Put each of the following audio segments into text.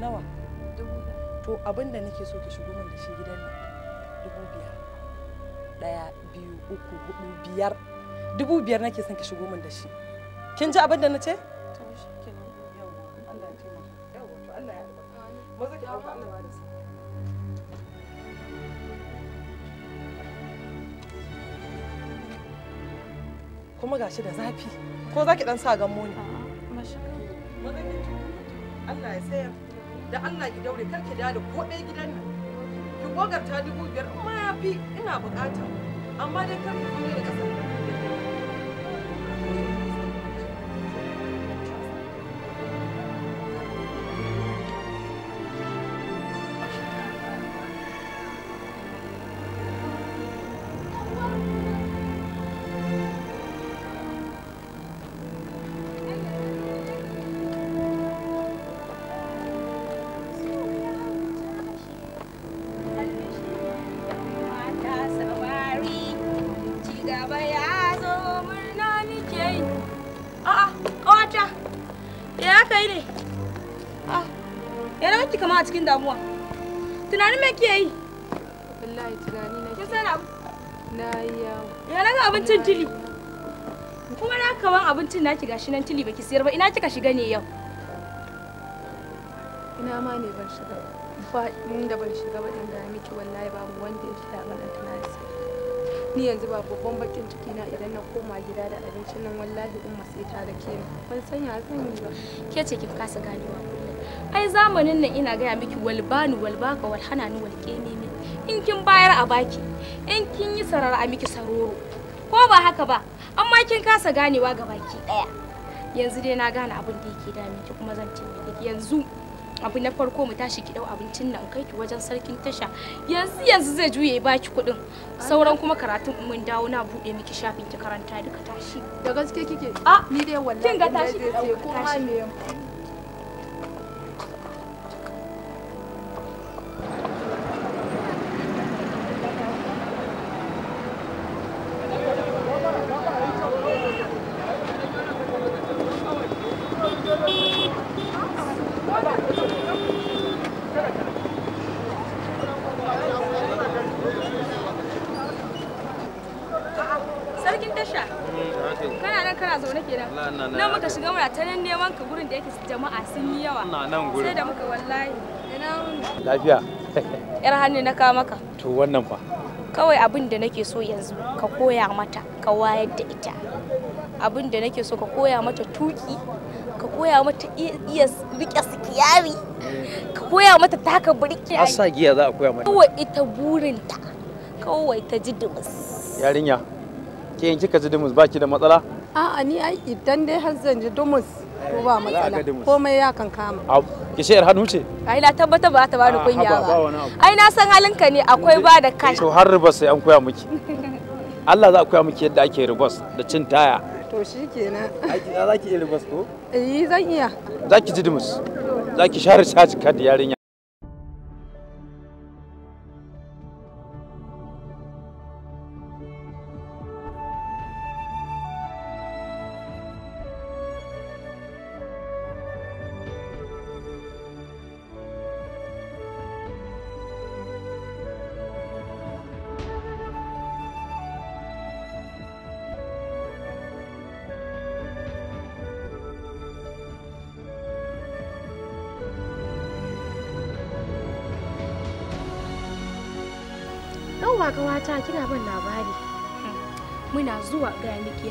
nawa to abin da nake so ki shigo min da shi gidan nan dubu biyar daya biyu uku hudu biyar dubu biyar nake son ki shigo min da shi kin ji abin da na ce kuma gashi da zafi ko za ki dan sa gammo ne Allah ya tsaya da Allah ki daure kar ki dawo ko ɗaya gidan nan ki gogarta dubu biyar amma ma ya fi ina bukata amma dai kar ki da ƙasa cikin damuwa tunanin me kike yi wallahi tunani na ke sana na ya ya na ga abincin tili kuma na kawan abincin naki gashi nan tili baki siyar ba ina kika shiga ne yau ina ma ne ban shiga ba da ban shiga ba dan ga miki wallahi babu wanda ya shiga ba tunani ni yanzu ba babban bakin ciki na idan na koma gida da abincin nan wallahi umma sai ta rake ni ban san ya zan yi ba ke ce ki kasa ganewa kullum ai zamanin nan ina gaya miki walbani walbaka walhanani ne in kin bayar a baki in kin yi sarara a miki saroro ko ba haka ba amma kin kasa ganewa ga baki ɗaya yanzu dai na gane abin da yake da miki kuma zan taimake ki yanzu abu na farko mu tashi ki dau abincin nan kai ki wajen sarkin tasha yanzu yanzu zai juye baki kuɗin sauran kuma karatun mun dawo na bude miki shafin ki karanta duka tashi da gaske kike a ni dai wallahi kin ga tashi ko ma me ne na kawo maka to wannan fa kawai abin da nake so yanzu ka koya mata ka wayar da ita abin da nake so ka koya mata tuki ka koya mata iya rike sikiyari ka koya mata taka birki a sa giya za a koya mata kawai ita burinta kawai ta ji dumus yarinya ke in ka ji dumus Ba ki da matsala a'a ni ai idan dai har zan ji dumus ko ba matsala komai ya kan kama ki shayar hannu ce ai na tabbata ba ta bani kunya ba ai na san halinka ne akwai ba da kai to har ribas sai an koya miki Allah za a koya miki yadda ake ribas da cin taya to shikenan za ki iya ribas ko eh zan iya za ki ji za ki share caji kad yarinya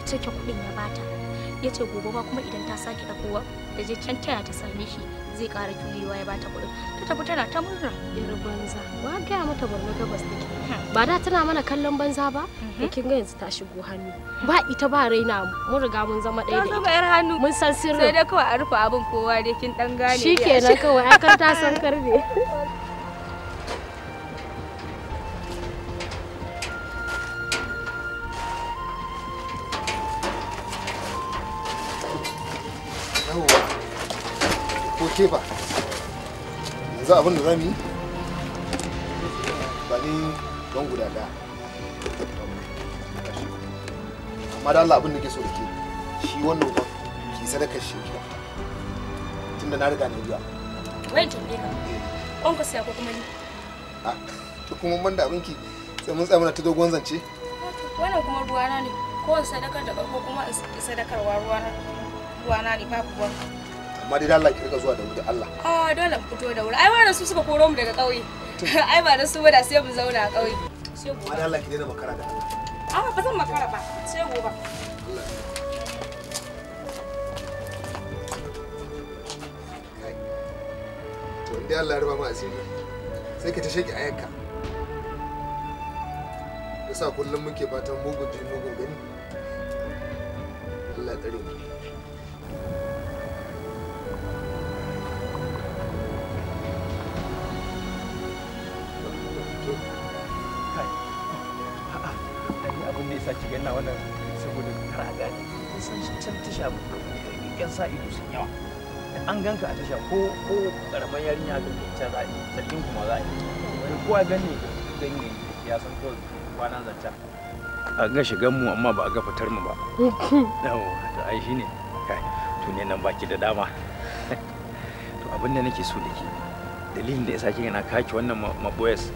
cike kuɗin ya bata ya ce gobe ba kuma idan ta sake ɗagowa da je can taya ta same shi zai kara juyewa ya bata kuɗin ta tafi tana ta murna yar banza ba gaya mata borno gabas take hmm. ba da tana mana kallon banza ba hmm. da kin ga yanzu ta shigo hannu ba ita ba raina mun riga mun zama ɗaya da ita hannu mun san sirri sai dai kawai a rufe abin kowa dai kin dan gane shikenan kawai ai ta san karbe kefa yanzu abin da zan yi ba ni don guda daya amma da Allah abin da ke so da ke shi wannan ba ki sadaka shi ke tunda na riga na biya wai tambaye ka eh. kon ka siya ko kuma ni a ah, to kuma ban da abinki sai mun tsaya muna ta dogon zance wannan kuma ruwana ne ko sadakar da ko kuma sadakar ruwana ruwana ne babu ruwanka amma dai Allah ki rika zuwa da wuri Allah a ah, dole ku fito da wuri ai ba su suka koro mu daga ƙauye ai ba da su ba da sai mu zauna a ƙauye sai gobe amma ki daina makara da Allah a ah, ba zan makara ba sai gobe to dai Allah ya ruba mu asiri sai ka ta shaki ayanka yasa kullum muke fatan mugun ji mugun gani Allah ya tsare mu sa ki ganna wannan saboda kar a gane kin san can tasha yan sa ido sun yawa da an ganka a tasha ko ko karaman yarinya ga can za a yi sarkin kuma za a yi wani kowa gani gani ya san to kwanan zancen a ga shigan mu amma ba a ga fitar mu ba yawa to ai shine kai to ne nan baki da dama to abin da nake so da ke dalilin da ya kika yana kaki wannan maboyas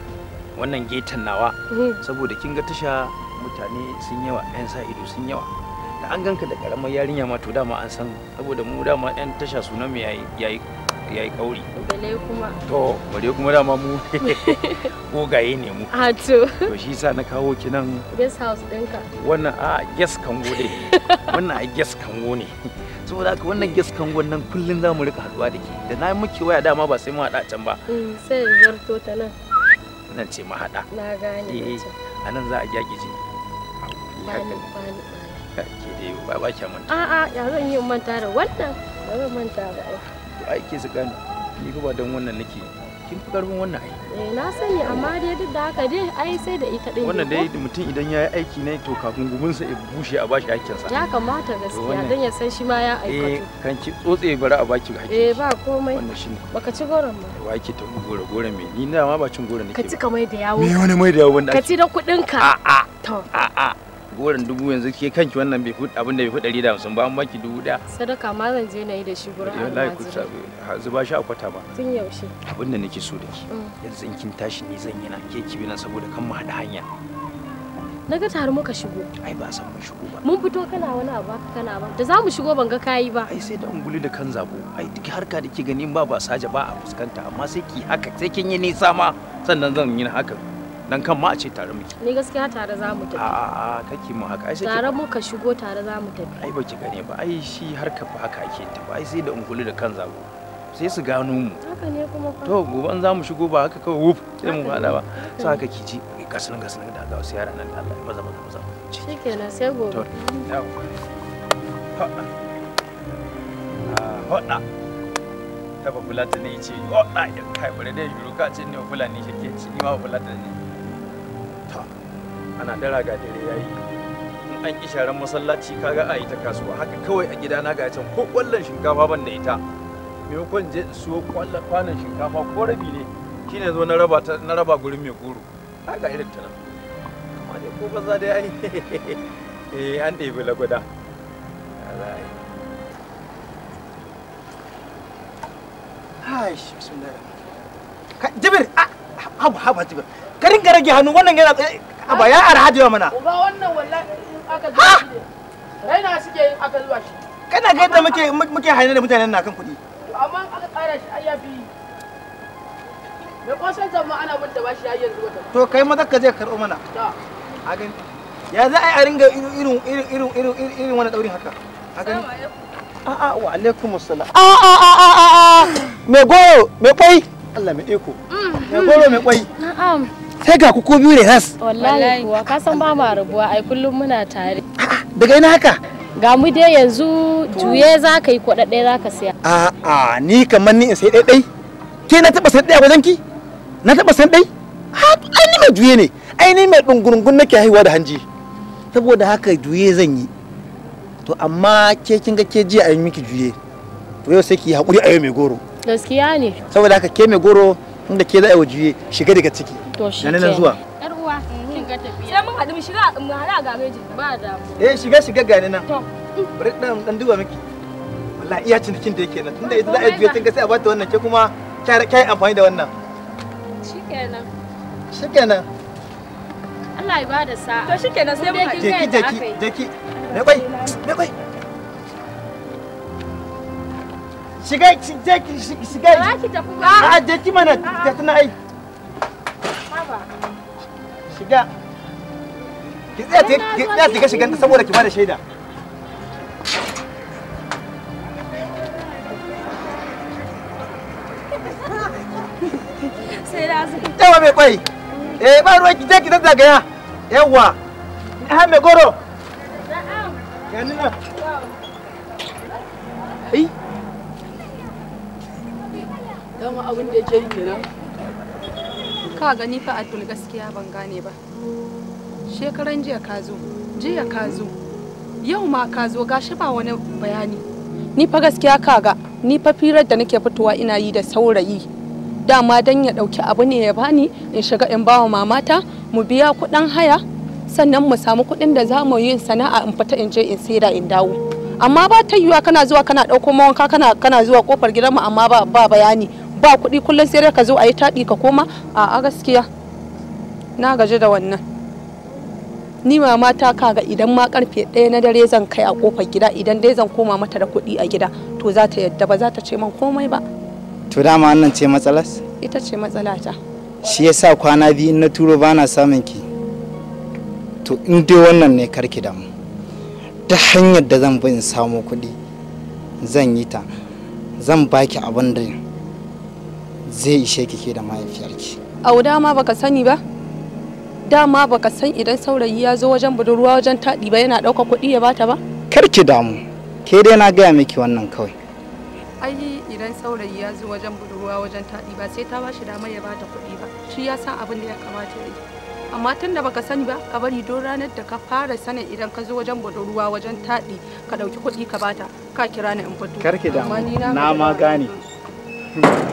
wannan getan nawa mm-hmm. saboda kin ga tasha mutane sun yawa 'yan sa ido sun yawa da an ganka da karamar yarinya ma to dama an san saboda mu dama 'yan tasha sunan mu yayi yayi yayi kauri bale kuma to bale kuma dama mu ko gaye ne mu a ah, to to shi sa na kawo ki nan guest house ɗinka wannan a ah, guest kango ne wannan a guest kango ne saboda haka wannan guest kango nan kullun za mu rika haduwa da ke da na yi muke waya dama ba sai mu haɗa can ba eh, sai zarto ta nan nan ce mu haɗa na gane eh, a nan za a gyagije bani bani bani ke dai ba ba ki manta a a ya zan yi manta da wannan ba zan manta ba ai ai ke su gani ni ba dan wannan nake kin fi karfin wannan ai eh na sani amma dai duk da haka dai ai sai da ita dai wannan dai mutum idan ya yi aiki ne to kafin gumunsa ya bushe a bashi hakkin sa ya kamata gaskiya dan ya san shi ma ya aikata eh kan ci tsotse bara a baki hakki eh ba komai wannan shine baka ci goron ba wai ki ta gora gora me ni na ma ba cin gora nake ka ci ka mai da yawo me wani mai da yawo wanda ka ci da kudin ka a a to a a goron dubu yanzu ke kanki wannan bai fud abin da bai fud 150 ba an baki dubu daya sadaka ma zan je na yi da shi gurin eh, wallahi ku zuba shi a kwata ba tun yaushe abin da nake so da ki mm. yanzu in kin tashi ni zan yi na ke ki bina saboda kan mu hada hanya na ga tare muka shigo ai ba san mun shigo ba mun fito kana wani abu haka kana ba da za mu shigo ban ga kayi ba ai sai da unguli da kan zabo ai duk harka da ke ganin ba ba saje ba a fuskanta amma sai ki haka sai kin yi nisa ma sannan zan yi haka dan kan ma a ce tare muke ni gaskiya tare za mu tafi a a kake mu haka ai sai tare ka shigo tare za mu tafi ai baki gane ba ai shi ka fa haka ake ta ba ai sai da ungulu da kan zago sai su gano mu haka ne kuma fa to gobe an za mu shigo ba haka kawai wuf sai mu fada ba sai haka ki ji gasu nan da ga su yaran nan da Allah maza maza maza shikenan sai gobe to ah, hoda taba fulata ne ce hoda ya kai bare da yuru ka ce ne fulani shi ke ci ni ma fulata ne ana dara ga dare yayi in an ki sharan masallaci kaga a yi ta kasuwa haka kawai a gidana ga can ko kwallon shinkafa ban da ita maimakon je in siyo kwallon kwanon shinkafa ko rabi ne shine zo na raba ta na raba gurin mai goro haka irin ta nan amma dai ko banza dai ai eh an dai bula ɗebi lagwada Jibir, ah, hawa, hawa, jibir, Karin garage hannu wannan yana tsaye Aba ya arha da mana uba wannan wallahi aka zuwa shi raina suke yin aka zuwa shi kana ga yadda muke muke hainar da mutanen na kan kuɗi amma aka ƙara shi ai yafi da kosan zama ana mun da shi yayin zuwa ta. to kai ma zaka je karɓo mana a gani ya za a ringa irin irin irin irin irin irin wani daurin haka a gani a'a wa alaikum assalam a a a a a me goyo me kwai Allah mm. me iko me goyo me kwai na'am sai ga ku ko biyu ne ras wallahi kuwa ka san ba ma rabuwa ai kullum muna tare daga ina haka ga mu dai yanzu juye za ka yi ɗaya za ka siya a'a ni kamar ni in sai ɗaiɗai ke na taɓa san ɗaya wajen ki na taɓa san ɗai ai ni mai juye ne ai ni mai ɗungurungun nake haihuwa da hanji saboda haka juye zan yi to amma ke kin ga ke ji a yi miki juye to yau sai ki yi haƙuri a yau mai goro gaskiya ne saboda haka ke mai goro inda ke za a wajiye shiga daga ciki to nan zuwa yar kin ga tafiya sai mun haɗu mu shiga mu haɗa gareji ba da eh shiga shiga gani nan to bari dan dan duba miki wallahi iya cinikin da yake nan tunda ita za a biyo kin ga sai a bata wannan ke kuma kai amfani da wannan shikenan shikenan Allah ya bada sa'a to shikenan sai mun haɗu jeki jeki jeki na bai na bai shiga je ki shiga a je mana tana ai shiga ki tsaya ki tsaya ki saboda ki bada shaida sai da su tawa eh ba ruwa ki je ki gaya yawa ha mai goro dama abin da ka gani atul gaskiya ban gane ba shekaran jiya ka zo jiya ka zo yau ma ka zo gashi ba wani bayani ni fa gaskiya kaga ni fa firar da nake fitowa ina yi da saurayi dama dan ya dauki abu ne ya bani in shiga in bawa mamata mu biya kudin haya sannan mu samu kudin da za mu yi sana'a in fita in je in saida in dawo amma ba ta yiwa kana zuwa kana dauko mawanka kana kana zuwa kofar gidanmu amma ba ba bayani ba kuɗi kullum sai dai ka zo a yi taɗi ka koma a a gaskiya na gaji da wannan ni mata ta kaga idan ma karfe ɗaya na dare zan kai a kofar gida idan dai zan koma mata da kuɗi a gida to za ta yadda ba za ta ce man komai ba to dama wannan ce matsalas ita ce ta shi yasa kwana biyu in na turo bana samun ki to in dai wannan ne karki damu ta hanyar da zan bi in samu kuɗi zan yi ta zan baki abin da zai ishe kike da mahaifiyarki au dama baka sani ba dama baka san idan saurayi ya zo wajen budurwa wajen taɗi ba yana ɗauka kuɗi ya bata ba kar ki damu ke dai na gaya miki wannan kawai ai idan saurayi ya zo wajen budurwa wajen taɗi ba sai ta bashi shi damar ya bata kuɗi ba shi ya san abin da ya kamata ya yi amma tun da baka sani ba ka bari don ranar da ka fara sanin idan ka zo wajen budurwa wajen taɗi ka ɗauki kuɗi ka bata ka kira ni in fito kar ki damu na ma gane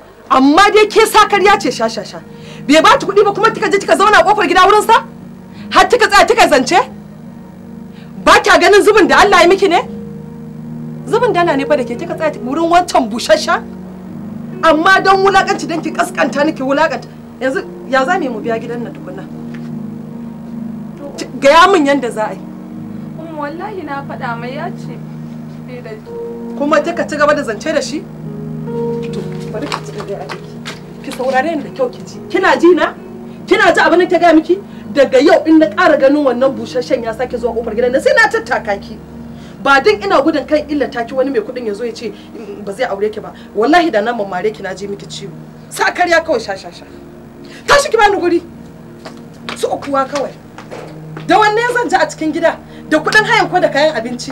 amma dai ke sa karya ce sha sha sha bai ba ta kuɗi ba kuma kika je kika zauna a kofar gida wurin sa har kika tsaya kika zance ba kya ganin zubin da Allah ya miki ne zubin da na ne fa da ke kika tsaya wurin wancan bushasha amma don wulakanci don ki kaskanta ni ki wulakanta yanzu ya za mu biya gidan nan tukunna gaya min yanda za a yi wallahi na faɗa mai ya ce kuma kika ci gaba da zance da shi bari ki ci ki saurare ni da kyau ki ji kina ji na kina ji abin da ta gaya miki daga yau in na ƙara ganin wannan busasshen ya sake zuwa kofar gidan sai na tattaka ki ba dan ina gudun kan ta ki wani mai kuɗin ya zo ya ce mm, mm, ba zai aure ki ba wallahi da na mamare ki na ji miki ciwo sa karya kawai sha sha sha tashi ki bani guri su ukuwa kawai da wanne zan ji a cikin gida da kuɗin hayan ko da kayan abinci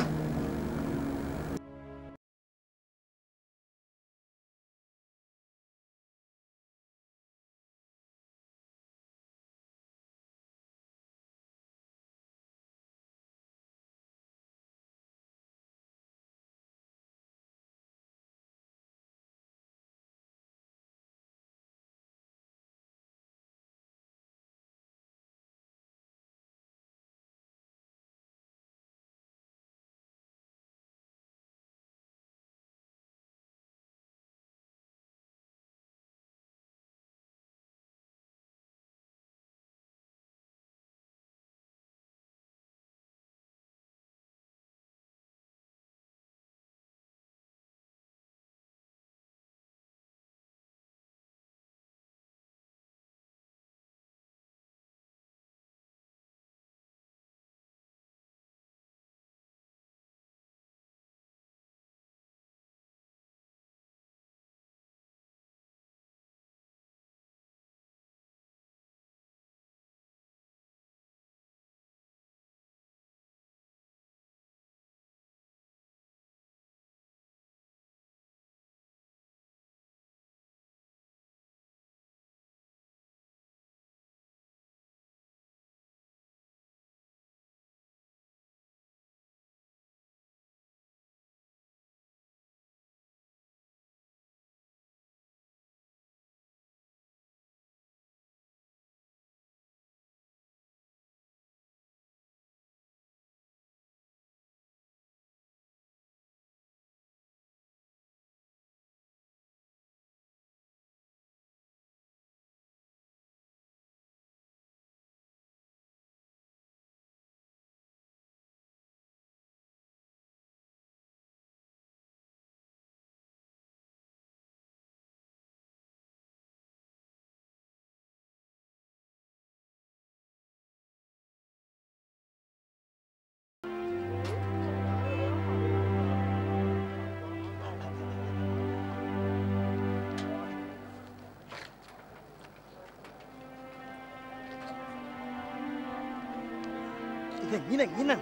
Nan, ça ah, y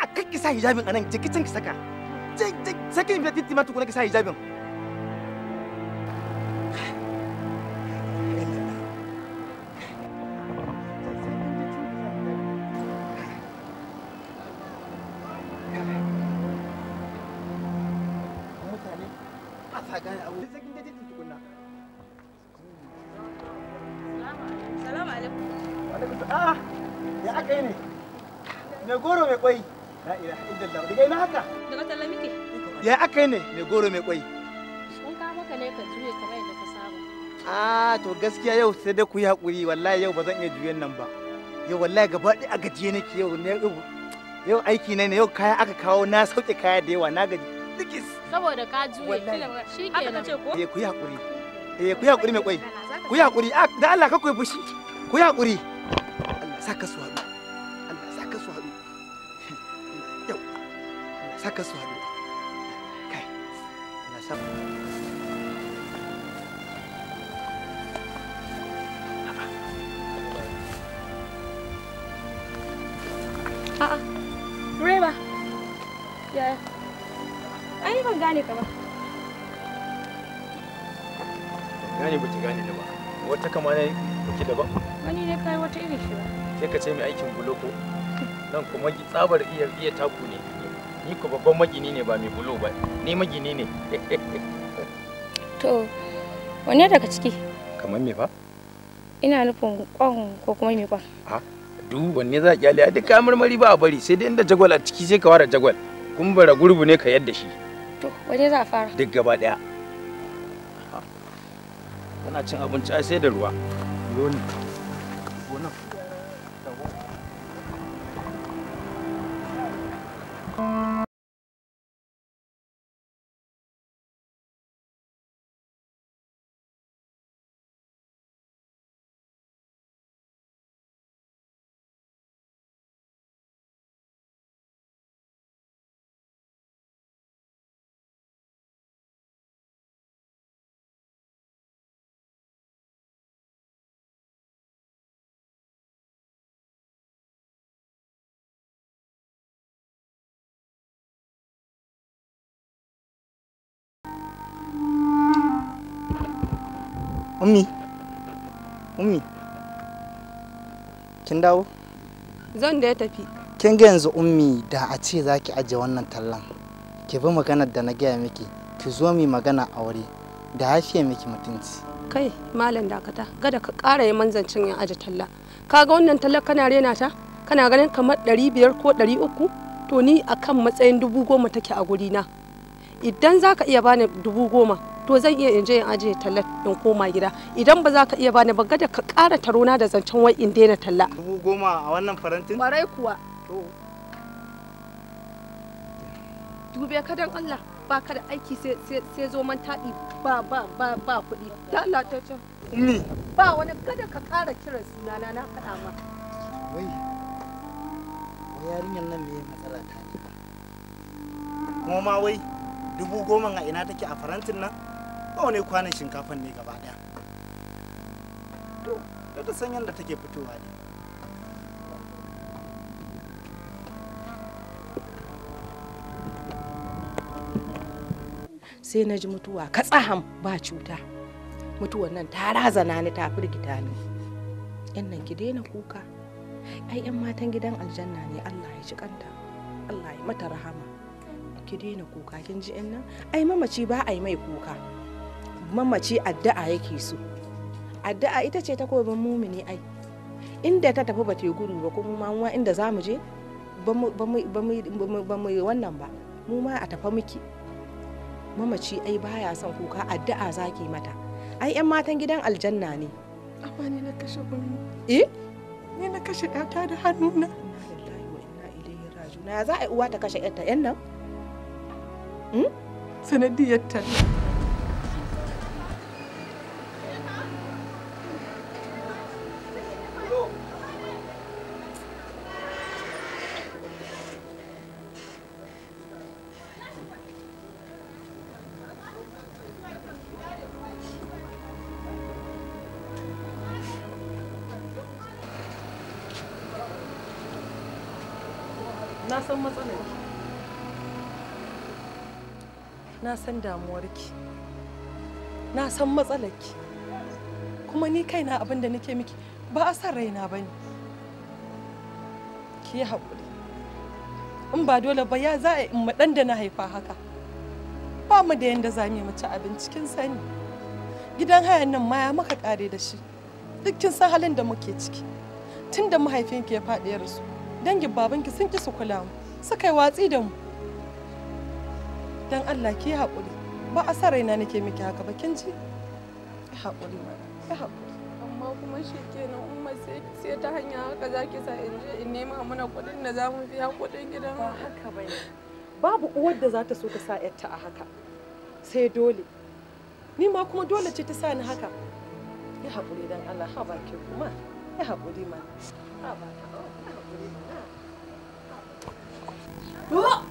A kakki j'ai hijabin anan, je saka. titti ma kwai la ilaha illallah daga ina haka muke ya aka ne mai goro mai kwai ka maka ne ka juye kamar yadda ka saba ah to gaskiya yau sai dai ku yi hakuri wallahi yau ba zan iya juyen nan ba yau wallahi gaba ɗaya a gajiye nake yau ne yau aiki ne yau kaya aka kawo na sauke kaya da yawa na gaji likis saboda ka juye shi ke nan ku yi hakuri eh ku yi hakuri eh, mai kwai ku yi hakuri ah, da Allah ka ku yi fushi ku yi hakuri Allah saka su saka su hannu kai na sa yaya ai ban gane ka ba gane kai wata irin shi ba sai ka ce mai aikin buloko nan kuma tsabar iya iya taku ne ni ko babban majini ne ba mai bulo ba ni majini ne to wanne daga ciki kamar me fa ina nufin kwan ko kuma me kwan a du wanne za ki yale duk kamar mari ba a bari sai dai inda jagwal a ciki sai ka ware jagwal kun bara gurbu ne ka yadda shi to wanne za a fara duk gaba daya kana cin abinci ai sai da ruwa yoni gonan Thank you. Ummi. Ummi. Kin dawo? Zan da ya tafi. Kin ga yanzu Ummi da a ce za ki aje wannan tallan. Ki bi maganar da na gaya miki, ki zo mi magana a wuri, da hafiya miki mutunci. Kai, malam dakata, gada ka ƙara yi manzancin yan aje talla. Ka ga wannan tallar kana rena ta? Kana ganin kamar ɗari biyar ko ɗari uku? To ni akan matsayin dubu goma take a gurina. Idan za ka iya bani dubu goma, to zan iya in je in ajiye talla in koma gida idan ba za ka iya bani ba gada ka ƙara tarona da zancen wai in daina talla dubu goma a wannan farantin kwarai kuwa to dube ka dan Allah ba ka da aiki sai zo man taɗi ba ba ba ba kuɗi da Allah ta ce ummi ba wani gada ka ƙara kiran sunana na faɗa ma wai wai yarinyar nan me matsala ta kuma ma wai dubu goma a ina take a farantin nan nawa ne kwanan shinkafan ne gaba daya to da ta san yadda take fitowa ne sai na ji mutuwa katsaham ba cuta mutuwan nan ta razana ni ta firgita ni yan nan ki daina kuka ai yan matan gidan aljanna ne Allah ya ci kanta Allah ya mata rahama ki daina kuka kin ji yan nan ai mamaci ba ai mai kuka mamaci addu'a yake so addu'a ita ce ta takobin mumini ai inda ta tafi ba ta gudu ba kuma ma inda za mu je ba mu wannan ba mu ma a tafa muke mamaci ai baya son kuka addu'a zaki mata ai yan matan gidan aljanna ne amma ni na kashe gurmi eh ni na kashe ɗata da hannuna na za a uwa ta kashe 'yarta 'yan nan hmm? sanadiyar ta na san damuwarki na san matsalarki kuma ni kaina abin da nake miki ba a san raina ba ne ki yi haƙuri in ba dole ba ya za a in maɗan da na haifa haka ba mu da yanda za mu ci abinci kin sani gidan hayan nan ma ya maka kare da shi duk kin san halin da muke ciki tun da mahaifinki ya faɗi ya dangin babanki sun ki su kula mu suka yi watsi da mu don Allah ki haƙuri ba a sa raina nake miki haka ba kin ji haƙuri ma ki haƙuri amma kuma shi kenan umma sai ta hanya haka zaki sa in je in nema mana kuɗin da zamu biya kuɗin gidan ba haka ba babu uwar da za ta so ta sa yarta a haka sai dole ni ma kuma dole ce ta sa ni haka ki haƙuri don Allah ha baki kuma ki haƙuri ma ha baki oh, ha haƙuri ma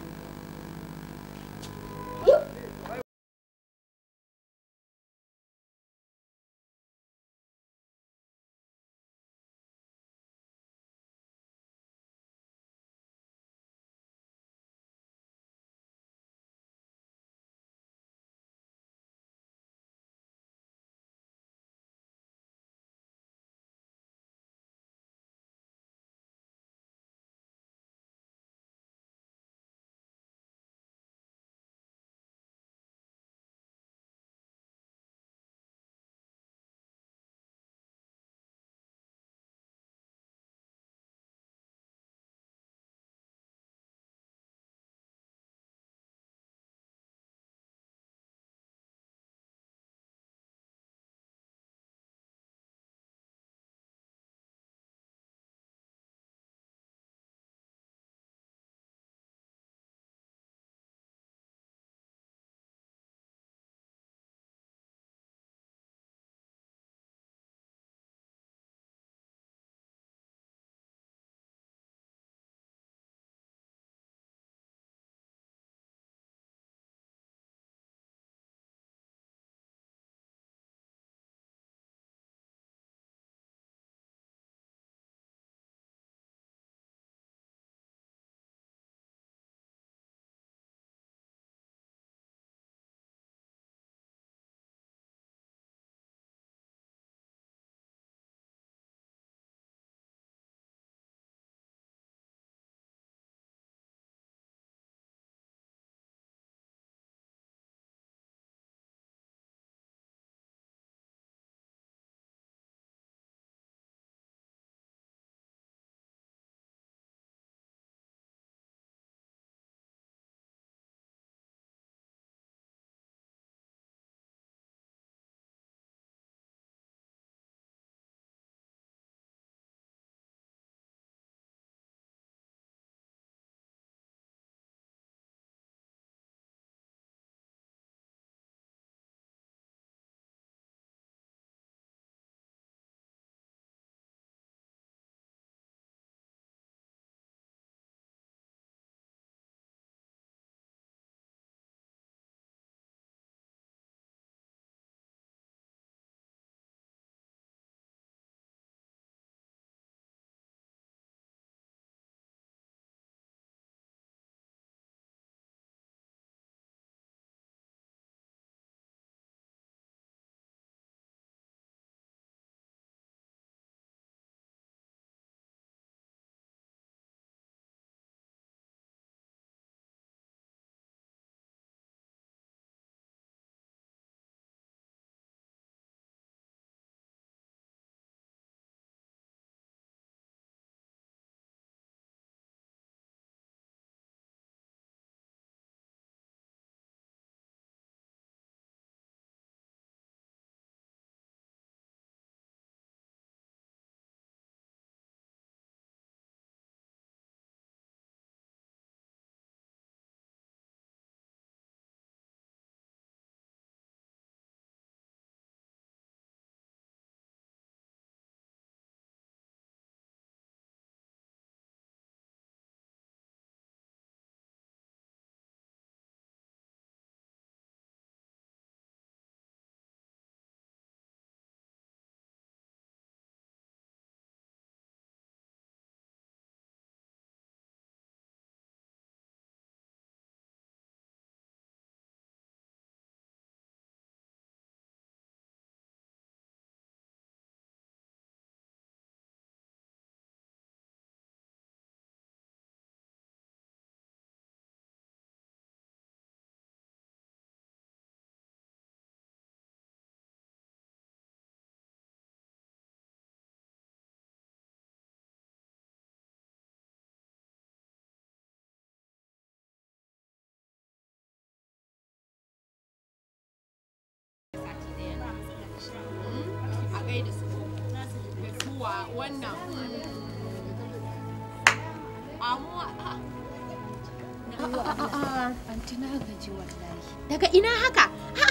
Anti na gaji wallahi. Daga ina haka? Ha!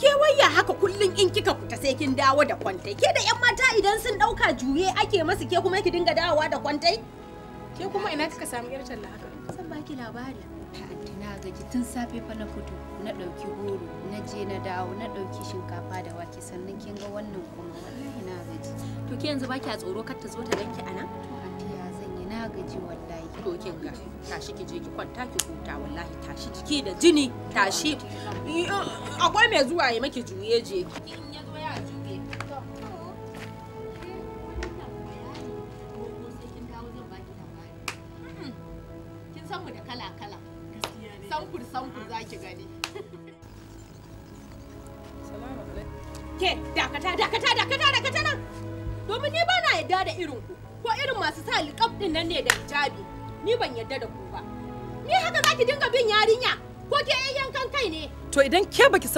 Ke waya haka kullum in kika fita sai kin dawo da kwantai. Ke da 'yan mata idan sun ɗauka juye ake masu ke kuma ki dinga dawowa da kwantai? Ke kuma ina kika samu yar talla haka? Zan baki labari. Anti na gaji tun safe fa na fito na ɗauki goro na je na dawo na ɗauki shinkafa da wake sannan kin ga wannan kuma wallahi na ke yanzu ba kya tsoro kar ta zo ta danki a nan ya zan yi na gaji wallahi to kin ga tashi ki je ki kwanta ki huta wallahi tashi jiki da jini tashi akwai mai zuwa ya maki juye je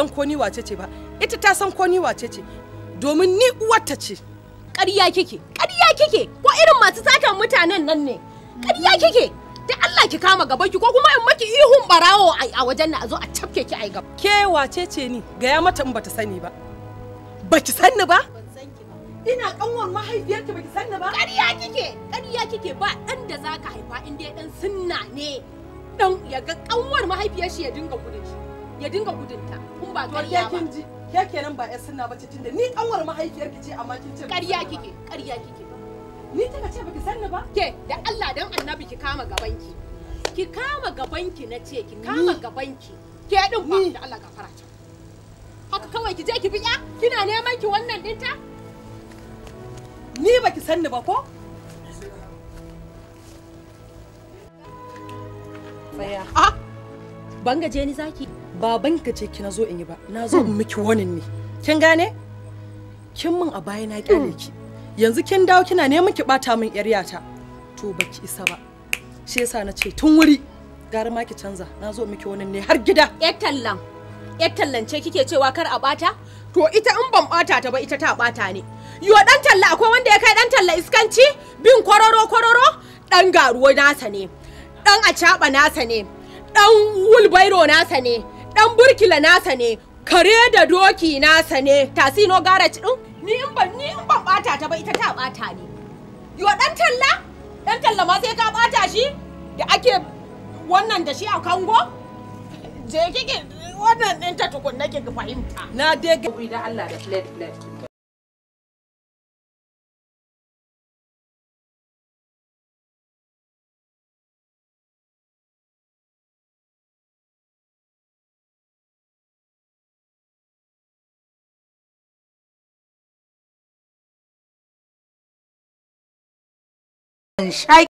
san ko ni wace ce ba ita ta san ko ni wace ce domin ni uwarta ce ƙarya kike ƙarya kike ko irin masu satan mutanen nan ne ƙarya kike da Allah ki kama gaban ki ko kuma in maki ihun barawo a wajen na a zo a cafke ki a gaba ke wace ce ni gaya mata in bata sani ba baki sanni ba ina kanwar mahaifiyarki baki sanni ba ƙarya kike ƙarya kike ba dan da zaka haifa in dai dan sunna ne dan ya ga kanwar mahaifiyar shi ya dinga gudun shi ya dinga gudunta kun ba karya ba kin ji ke kenan ba yar sunna bace tunda ni kanwar mahaifiyar ki ce amma kin ce ƙarya kike ƙarya kike ni kika ce baki sanni ba ke da Allah dan annabi ki kama gabanki ki kama gabanki na ce ki kama gabanki ke din ba da Allah gafara ta haka kawai ki je ki biya kina neman ki wannan dinta ni baki sanni ba ko ah ban gaje ni zaki ba ban gaje ki nazo in yi ba Na zo in miki wanin ne kin gane kin min a baya na kyale ki yanzu kin dawo kina neman ki bata min yaryata to ba ki isa ba shi yasa na ce tun wuri gara ma ki canza Na in miki wanin ne har gida yar tallan yar ce kike cewa kar a bata to ita in ban bata ta ba ita ta bata ne yo dan talla akwai wanda ya kai dan talla iskanci bin kwararo kwararo dan garuwa nasa ne dan acaba nasa ne ɗan wulbairo nasa ne ɗan burkila nasa ne kare da doki nasa ne tasino garage ɗin ni in ban ni in ban bata ta ba ita ta bata ne yo ɗan talla ɗan talla ma sai ka bata shi da ake wannan da shi a kango je kike wannan ɗin ta tukunna ki fahimta na dai ga da Allah da flat flat shake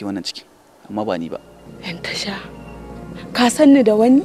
ki wannan ciki amma ba ni ba yan tasha ka san ni da wani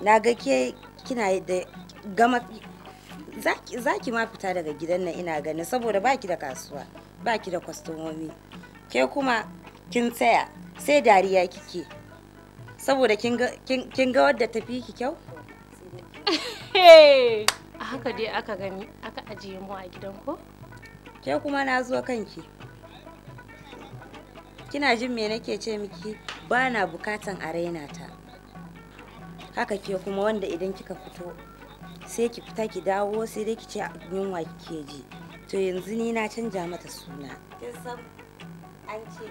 na ga ke kina da gama zaki ma fita daga gidan nan ina ganin saboda baki da kasuwa baki da kwastomomi ke kuma kin tsaya sai dariya kike saboda kin ga wadda tafi ki kyau a haka dai aka gani aka ajiye mu a gidan ko ke kuma na zo kanki kina jin me nake ce miki ba na bukatan a raina ta haka ke kuma wanda idan kika fito sai ki fita ki dawo sai dai ki ce yunwa ke ji to yanzu ni na canja mata suna san an ce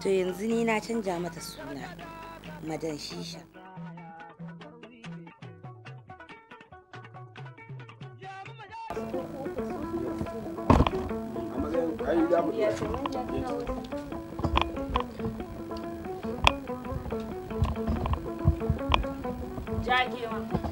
To yanzu ni na canja mata suna madan shisha. Jagewa.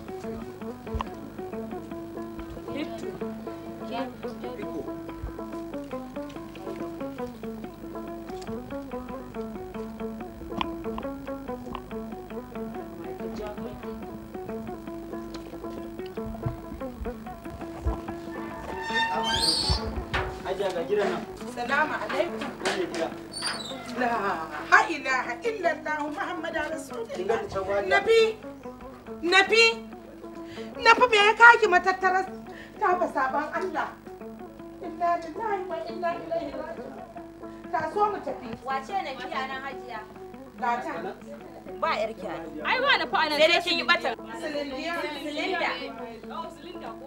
gidan nan salamu alaikum me ya kaki matattarar ta fa saban allah inna lillahi wa inna ilaihi raji'un ta so mu tafi wace na kiya nan hajiya gata ba yar kiya ai ba na fa anan sai kin yi batan silinda silinda oh, silinda ko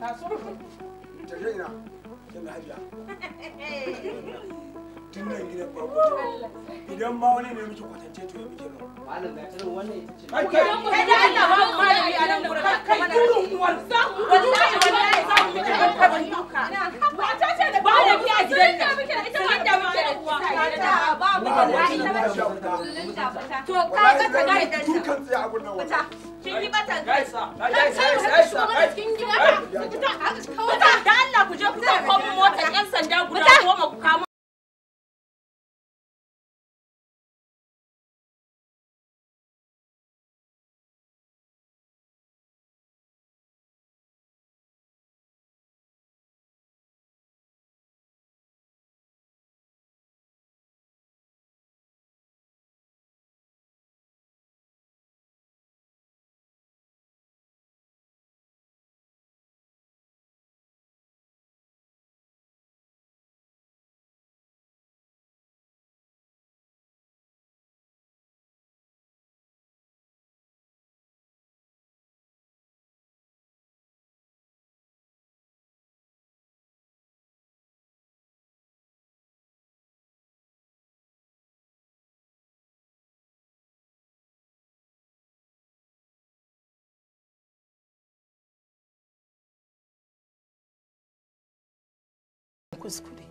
大叔，这人呢？现在还去啊？tun nan gidan farko idan wani ne miki kwatance to ya miki da Allah ba ku je yan guda kuskure